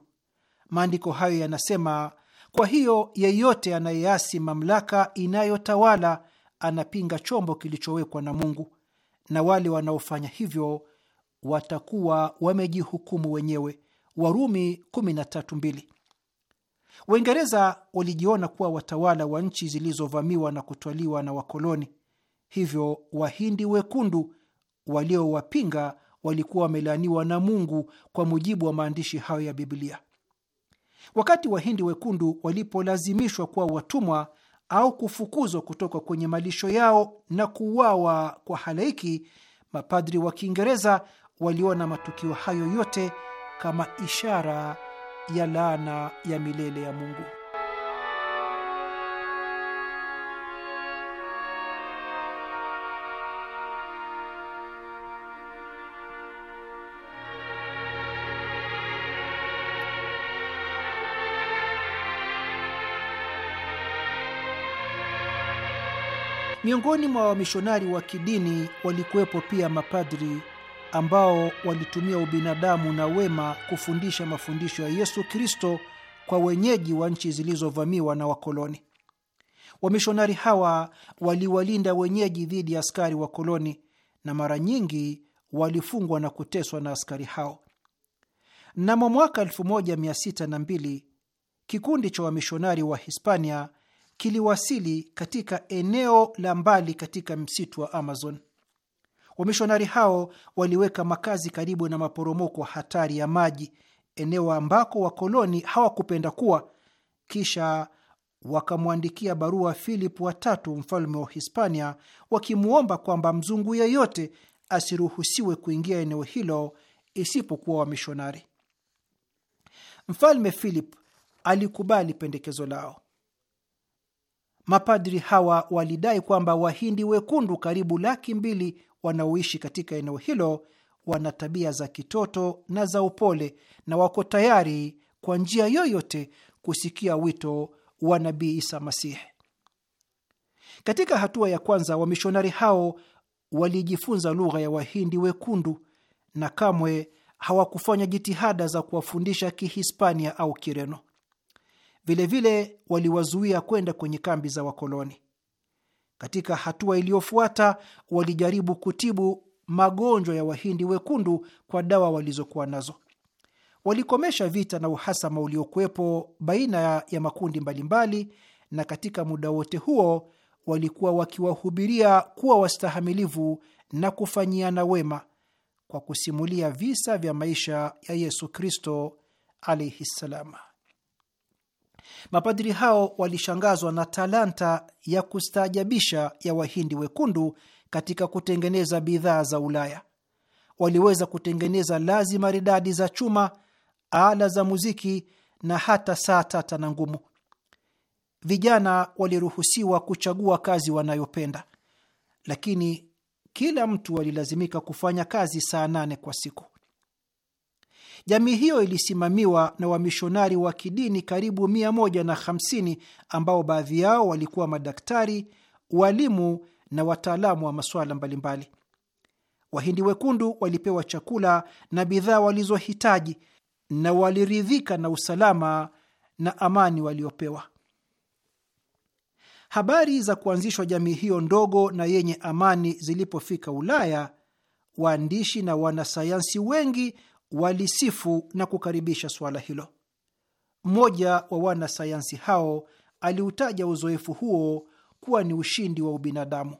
Maandiko hayo yanasema, kwa hiyo yeyote anayeasi mamlaka inayotawala anapinga chombo kilichowekwa na Mungu, na wale wanaofanya hivyo watakuwa wamejihukumu wenyewe. Warumi 13:2. Waingereza walijiona kuwa watawala wa nchi zilizovamiwa na kutwaliwa na wakoloni, hivyo Wahindi wekundu waliowapinga walikuwa wamelaaniwa na Mungu kwa mujibu wa maandishi hayo ya Biblia. Wakati Wahindi wekundu walipolazimishwa kuwa watumwa au kufukuzwa kutoka kwenye malisho yao na kuuawa kwa halaiki, mapadri wa Kiingereza waliona matukio hayo yote kama ishara ya laana ya milele ya Mungu. Miongoni mwa wamishonari wa kidini walikuwepo pia mapadri ambao walitumia ubinadamu na wema kufundisha mafundisho ya Yesu Kristo kwa wenyeji wa nchi zilizovamiwa na wakoloni. Wamishonari hawa waliwalinda wenyeji dhidi ya askari wakoloni na mara nyingi walifungwa na kuteswa na askari hao. Mnamo mwaka 1602 kikundi cha wamishonari wa Hispania kiliwasili katika eneo la mbali katika msitu wa Amazon. Wamishonari hao waliweka makazi karibu na maporomoko hatari ya maji, eneo ambako wakoloni hawakupenda kuwa, kisha wakamwandikia barua Philip watatu mfalme wa Hispania wakimwomba kwamba mzungu yeyote asiruhusiwe kuingia eneo hilo isipokuwa wamishonari. Mfalme Philip alikubali pendekezo lao. Mapadri hawa walidai kwamba Wahindi wekundu karibu laki mbili wanaoishi katika eneo hilo wana tabia za kitoto na za upole na wako tayari kwa njia yoyote kusikia wito wa Nabii Isa Masihi. Katika hatua ya kwanza, wamishonari hao walijifunza lugha ya Wahindi wekundu na kamwe hawakufanya jitihada za kuwafundisha Kihispania au Kireno. Vilevile waliwazuia kwenda kwenye kambi za wakoloni. Katika hatua iliyofuata, walijaribu kutibu magonjwa ya Wahindi wekundu kwa dawa walizokuwa nazo. Walikomesha vita na uhasama uliokuwepo baina ya makundi mbalimbali, na katika muda wote huo walikuwa wakiwahubiria kuwa wastahamilivu na kufanyiana wema kwa kusimulia visa vya maisha ya Yesu Kristo alaihi Mapadri hao walishangazwa na talanta ya kustaajabisha ya Wahindi wekundu katika kutengeneza bidhaa za Ulaya. Waliweza kutengeneza lazi maridadi za chuma, ala za muziki na hata saa tata na ngumu. Vijana waliruhusiwa kuchagua kazi wanayopenda, lakini kila mtu alilazimika kufanya kazi saa nane kwa siku. Jamii hiyo ilisimamiwa na wamishonari wa kidini karibu 150 ambao baadhi yao walikuwa madaktari, walimu na wataalamu wa masuala mbalimbali. Wahindi wekundu walipewa chakula na bidhaa walizohitaji na waliridhika na usalama na amani waliopewa. Habari za kuanzishwa jamii hiyo ndogo na yenye amani zilipofika Ulaya, waandishi na wanasayansi wengi walisifu na kukaribisha suala hilo. Mmoja wa wanasayansi hao aliutaja uzoefu huo kuwa ni ushindi wa ubinadamu.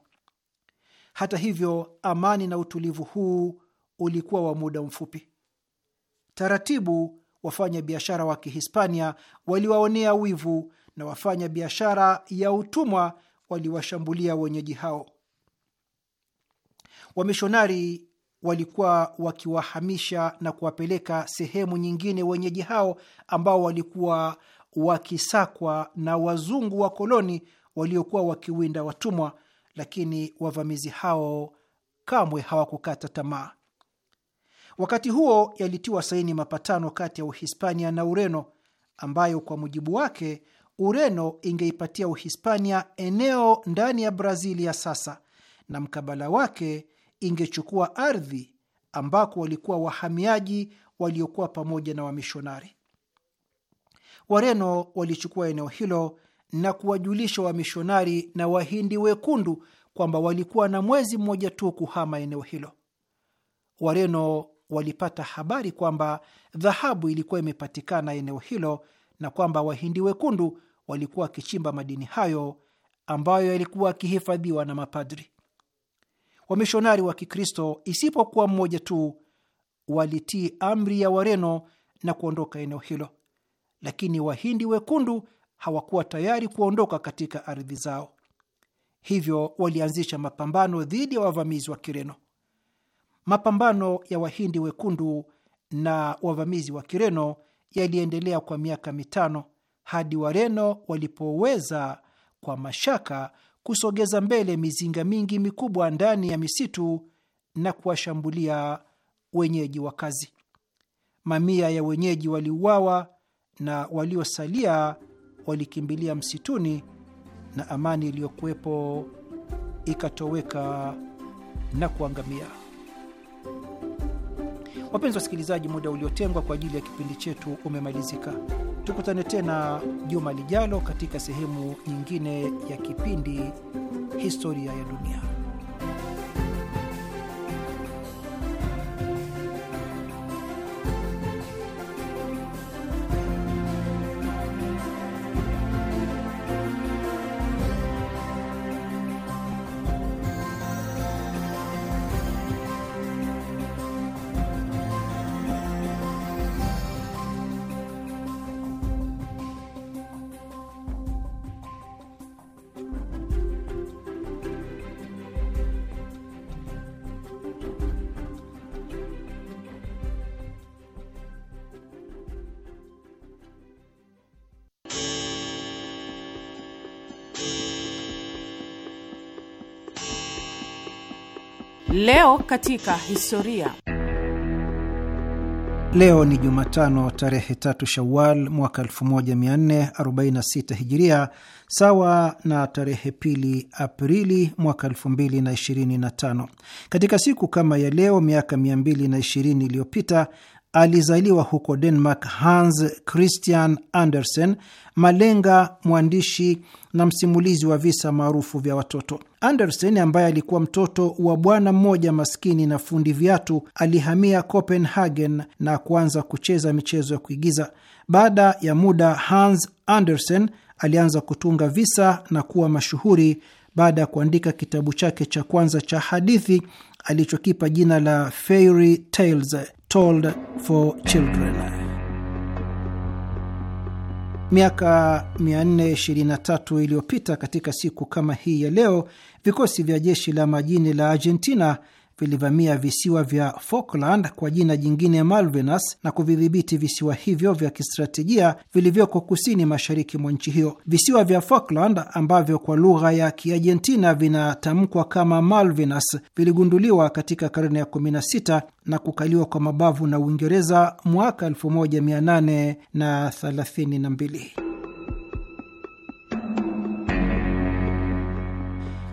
Hata hivyo, amani na utulivu huu ulikuwa wa muda mfupi. Taratibu wafanya biashara wa Kihispania waliwaonea wivu na wafanya biashara ya utumwa waliwashambulia wenyeji hao. Wamishonari walikuwa wakiwahamisha na kuwapeleka sehemu nyingine wenyeji hao ambao walikuwa wakisakwa na wazungu wa koloni waliokuwa wakiwinda watumwa, lakini wavamizi hao kamwe hawakukata tamaa. Wakati huo yalitiwa saini mapatano kati ya Uhispania na Ureno ambayo kwa mujibu wake Ureno ingeipatia Uhispania eneo ndani ya Brazili ya sasa na mkabala wake ingechukua ardhi ambako walikuwa wahamiaji waliokuwa pamoja na wamishonari. Wareno walichukua eneo hilo na kuwajulisha wamishonari na Wahindi wekundu kwamba walikuwa na mwezi mmoja tu kuhama eneo hilo. Wareno walipata habari kwamba dhahabu ilikuwa imepatikana eneo hilo na kwamba Wahindi wekundu walikuwa wakichimba madini hayo ambayo yalikuwa akihifadhiwa na mapadri wamishonari wa Kikristo isipokuwa mmoja tu walitii amri ya Wareno na kuondoka eneo hilo, lakini Wahindi wekundu hawakuwa tayari kuondoka katika ardhi zao, hivyo walianzisha mapambano dhidi ya wavamizi wa Kireno. Mapambano ya Wahindi wekundu na wavamizi wa Kireno yaliendelea kwa miaka mitano hadi Wareno walipoweza kwa mashaka kusogeza mbele mizinga mingi mikubwa ndani ya misitu na kuwashambulia wenyeji wa kazi Mamia ya wenyeji waliuawa na waliosalia walikimbilia msituni na amani iliyokuwepo ikatoweka na kuangamia. Wapenzi wasikilizaji, muda uliotengwa kwa ajili ya kipindi chetu umemalizika. Tukutane tena juma lijalo katika sehemu nyingine ya kipindi Historia ya Dunia. Leo katika historia. Leo ni Jumatano tarehe tatu Shawal mwaka 1446 Hijiria, sawa na tarehe pili Aprili mwaka 2025. Katika siku kama ya leo miaka 220 iliyopita alizaliwa huko Denmark Hans Christian Andersen, malenga, mwandishi na msimulizi wa visa maarufu vya watoto. Andersen ambaye alikuwa mtoto wa bwana mmoja maskini na fundi viatu, alihamia Copenhagen na kuanza kucheza michezo ya kuigiza. Baada ya muda, Hans Andersen alianza kutunga visa na kuwa mashuhuri baada ya kuandika kitabu chake cha kwanza cha hadithi alichokipa jina la Fairy Tales Told for Children. Miaka 423 iliyopita katika siku kama hii ya leo, vikosi vya jeshi la majini la Argentina vilivamia visiwa vya Falkland kwa jina jingine Malvinas na kuvidhibiti visiwa hivyo vya kistratejia vilivyoko kusini mashariki mwa nchi hiyo. Visiwa vya Falkland ambavyo kwa lugha ya Kiargentina vinatamkwa kama Malvinas viligunduliwa katika karne ya 16 na kukaliwa kwa mabavu na Uingereza mwaka 1832.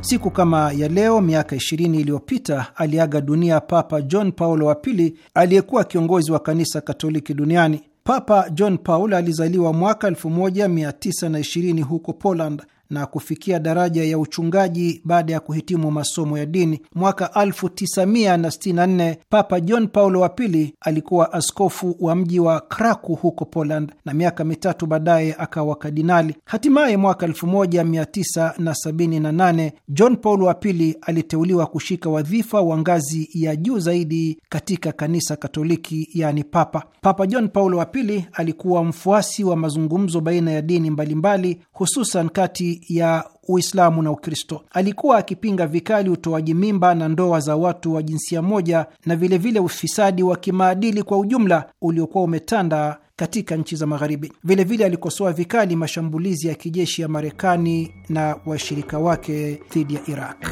Siku kama ya leo miaka 20 iliyopita aliaga dunia Papa John Paulo wa pili aliyekuwa kiongozi wa kanisa Katoliki duniani. Papa John Paul alizaliwa mwaka 1920 huko Poland na kufikia daraja ya uchungaji baada ya kuhitimu masomo ya dini. Mwaka 1964 Papa John Paulo wa pili alikuwa askofu wa mji wa Kraku huko Poland, na miaka mitatu baadaye akawa kardinali. Hatimaye mwaka 1978 John Paulo wa pili aliteuliwa kushika wadhifa wa ngazi ya juu zaidi katika kanisa Katoliki, yani papa. Papa John Paulo wa pili alikuwa mfuasi wa mazungumzo baina ya dini mbalimbali, hususan kati ya Uislamu na Ukristo. Alikuwa akipinga vikali utoaji mimba na ndoa za watu wa jinsia moja na vilevile vile ufisadi wa kimaadili kwa ujumla uliokuwa umetanda katika nchi za Magharibi. Vilevile alikosoa vikali mashambulizi ya kijeshi ya Marekani na washirika wake dhidi ya Iraq.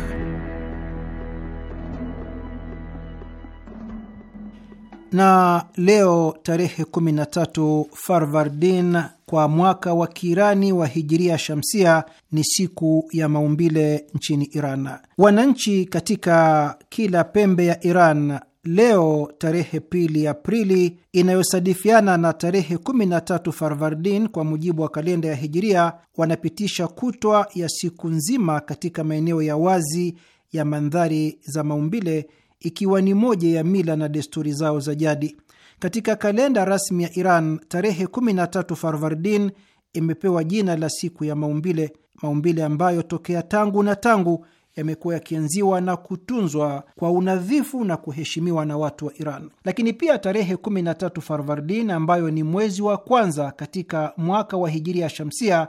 Na leo tarehe 13 Farvardin kwa mwaka wa Kiirani wa hijiria shamsia ni siku ya maumbile nchini Iran. Wananchi katika kila pembe ya Iran leo tarehe pili Aprili inayosadifiana na tarehe 13 Farvardin kwa mujibu wa kalenda ya hijiria, wanapitisha kutwa ya siku nzima katika maeneo ya wazi ya mandhari za maumbile, ikiwa ni moja ya mila na desturi zao za jadi. Katika kalenda rasmi ya Iran, tarehe 13 Farvardin imepewa jina la siku ya maumbile, maumbile ambayo tokea tangu na tangu yamekuwa yakienziwa na kutunzwa kwa unadhifu na kuheshimiwa na watu wa Iran. Lakini pia tarehe 13 Farvardin, ambayo ni mwezi wa kwanza katika mwaka wa Hijiria Shamsia,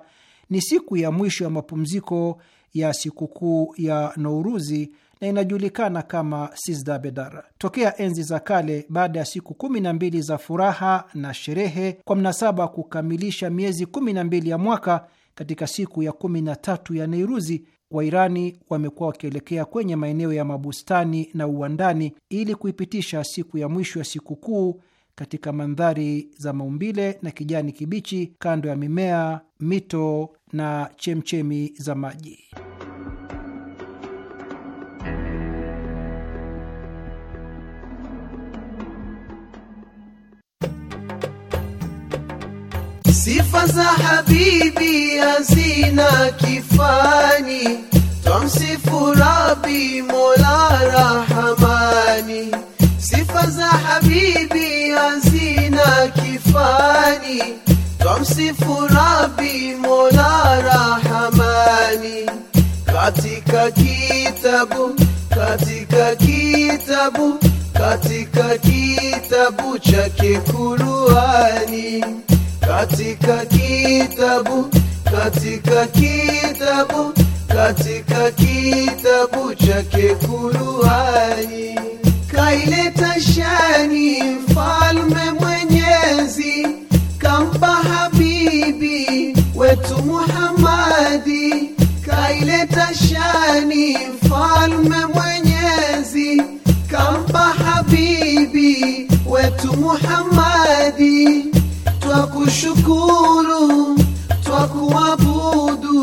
ni siku ya mwisho ya mapumziko ya sikukuu ya Nouruzi na inajulikana kama Sizda Tokea enzi za kale, baada ya siku kumi na mbili za furaha na sherehe kwa mnasaba kukamilisha miezi kumi na mbili ya mwaka, katika siku ya kumi na tatu ya Neiruzi Wairani wamekuwa wakielekea kwenye maeneo ya mabustani na uwandani ili kuipitisha siku ya mwisho ya sikukuu katika mandhari za maumbile na kijani kibichi, kando ya mimea, mito na chemchemi za maji. Sifa za habibi hazina kifani, twamsifu Rabi Mola Rahamani. Sifa za habibi hazina kifani, twamsifu Rabi Mola Rahamani. Katika kitabu, katika kitabu, katika kitabu chake Qur'ani katika kitabu katika kitabu katika kitabu chake kuruhani kaileta shani mfalme mwenyezi kampa habibi wetu Muhammadi kaileta shani mfalme mwenyezi kampa habibi wetu Muhammadi twakushukuru, twakuabudu,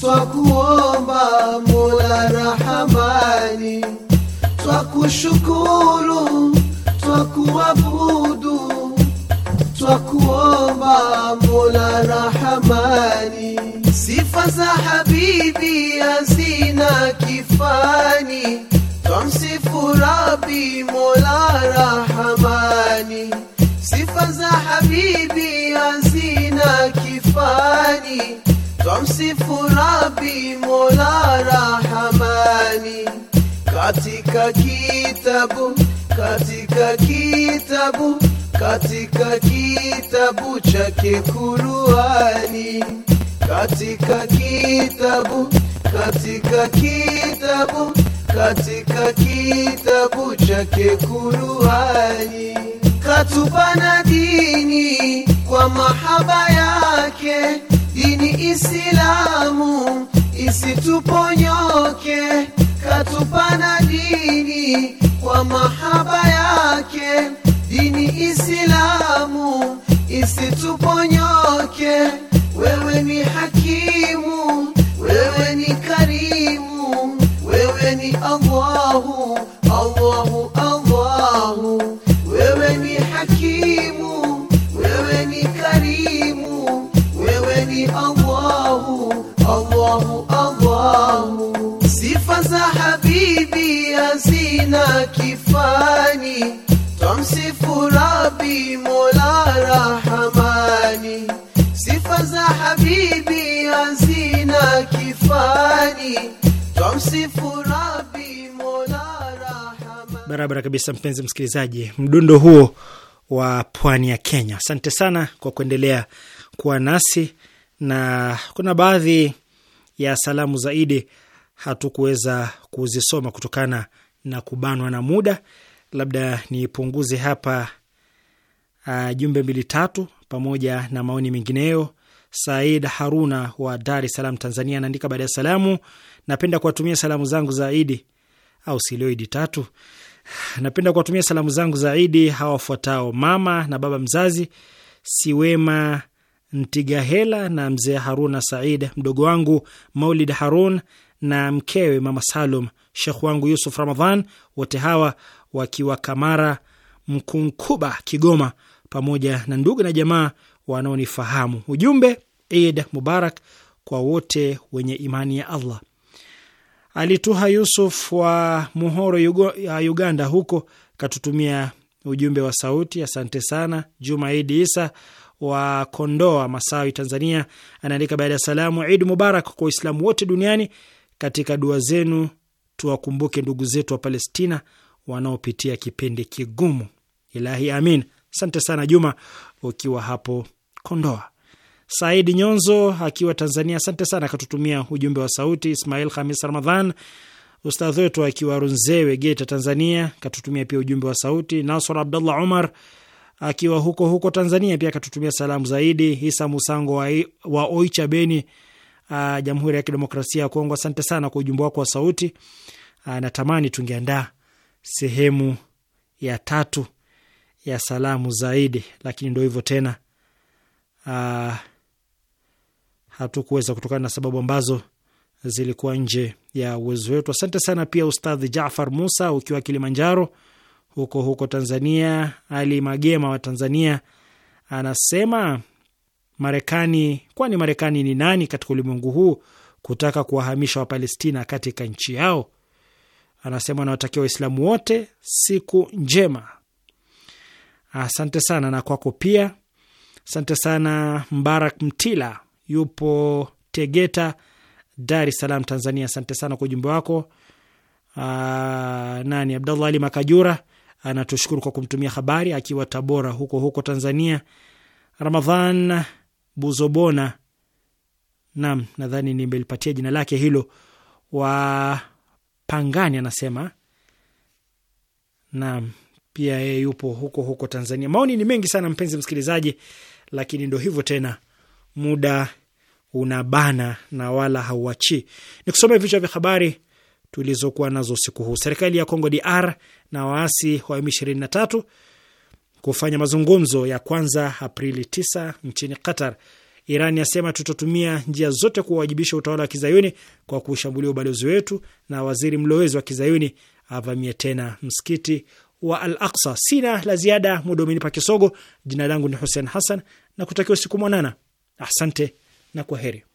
twakuomba Mola Rahamani, twakushukuru, twakuabudu, twakuomba Mola Rahamani, sifa za habibi hazina kifani, twamsifu Rabi Mola Rahamani bibi azina kifani, twamsifu Rabi Mola Rahamani, katika kitabu katika kitabu katika kitabu chake Qur'ani, katika kitabu katika kitabu katika kitabu chake Qur'ani. katupana dini kwa mahaba yake, dini Isilamu isituponyoke, katupana dini kwa mahaba yake, dini Isilamu isituponyoke. Wewe ni hakimu, wewe ni karimu, wewe ni Allahu Allahu Allahu, sifa za habibi hazina kifani, twamsifu Mola Rahamani, sifa za habibi hazina kifani, twamsifu Mola Rahamani. Barabara kabisa, mpenzi msikilizaji, mdundo huo wa pwani ya Kenya. Asante sana kwa kuendelea kuwa nasi na kuna baadhi ya salamu zaidi hatukuweza kuzisoma kutokana na kubanwa na muda. Labda nipunguze hapa uh, jumbe mbili tatu pamoja na maoni mengineyo. Said Haruna wa Dar es Salaam, Tanzania anaandika, baada ya salamu, napenda kuwatumia salamu zangu zaidi au silioidi tatu. Napenda kuwatumia salamu zangu zaidi hawafuatao: mama na baba mzazi Siwema Mtigahela na mzee Haruna Said, mdogo wangu Maulid Harun na mkewe mama Salum, shekh wangu Yusuf Ramadhan, wote hawa wakiwa Kamara Mkunkuba, Kigoma, pamoja na ndugu na jamaa wanaonifahamu. Ujumbe id Mubarak kwa wote wenye imani ya Allah. Alituha Yusuf wa Muhoro, Uganda, huko katutumia ujumbe wa sauti. Asante sana Juma Idi Isa wa Kondoa Masawi, Tanzania, anaandika baada ya salamu, Idi Mubarak kwa Waislamu wote duniani. Katika dua zenu tuwakumbuke ndugu zetu wa Palestina wanaopitia kipindi kigumu. Ilahi amin. Asante sana Juma, ukiwa hapo Kondoa. Said Nyonzo akiwa Tanzania, asante sana, akatutumia ujumbe wa sauti. Ismail Hamis Ramadhan, ustadh wetu akiwa Runzewe, Geita, Tanzania, katutumia pia ujumbe wa sauti. Nasr Abdullah Umar akiwa huko huko Tanzania pia akatutumia salamu zaidi. Hisa Musango wa, wa Oicha Beni, uh, Jamhuri ya Kidemokrasia ya Kongo, asante sana kwa ujumbe wako wa sauti. Uh, natamani tungeandaa sehemu ya tatu ya salamu zaidi, lakini ndo hivyo tena, uh, hatukuweza kutokana na sababu ambazo zilikuwa nje ya uwezo wetu. Asante sana pia Ustadhi Jafar Musa ukiwa Kilimanjaro huko huko Tanzania, Ali Magema wa Tanzania anasema Marekani, kwani Marekani ni nani katika ulimwengu huu kutaka kuwahamisha Wapalestina katika nchi yao? Anasema anawatakia Waislamu wote siku njema. Asante sana na kwako pia. Asante sana Mbarak Mtila, yupo Tegeta, Dar es Salaam, Tanzania. Asante sana kwa ujumbe wako. Aa, nani Abdallah Ali Makajura anatushukuru kwa kumtumia habari akiwa Tabora huko huko Tanzania. Ramadhan Buzobona, naam, nadhani nimelipatia jina lake hilo, wa Pangani, anasema naam, pia yeye yupo huko huko Tanzania. Maoni ni mengi sana, mpenzi msikilizaji, lakini ndo hivyo tena, muda unabana na wala hauachii. Nikusomea vichwa vya habari tulizokuwa nazo siku huu. Serikali ya congo DR na waasi wa M23 kufanya mazungumzo ya kwanza Aprili 9 nchini Qatar. Iran yasema tutatumia njia zote kuwawajibisha utawala wa kizayuni kwa kushambulia ubalozi wetu, na waziri mlowezi wa kizayuni avamia tena msikiti wa Al Aksa. Sina la ziada, muda umenipa kisogo. Jina langu ni Hussein Hassan na kutakia usiku mwanana. Asante na kwa heri.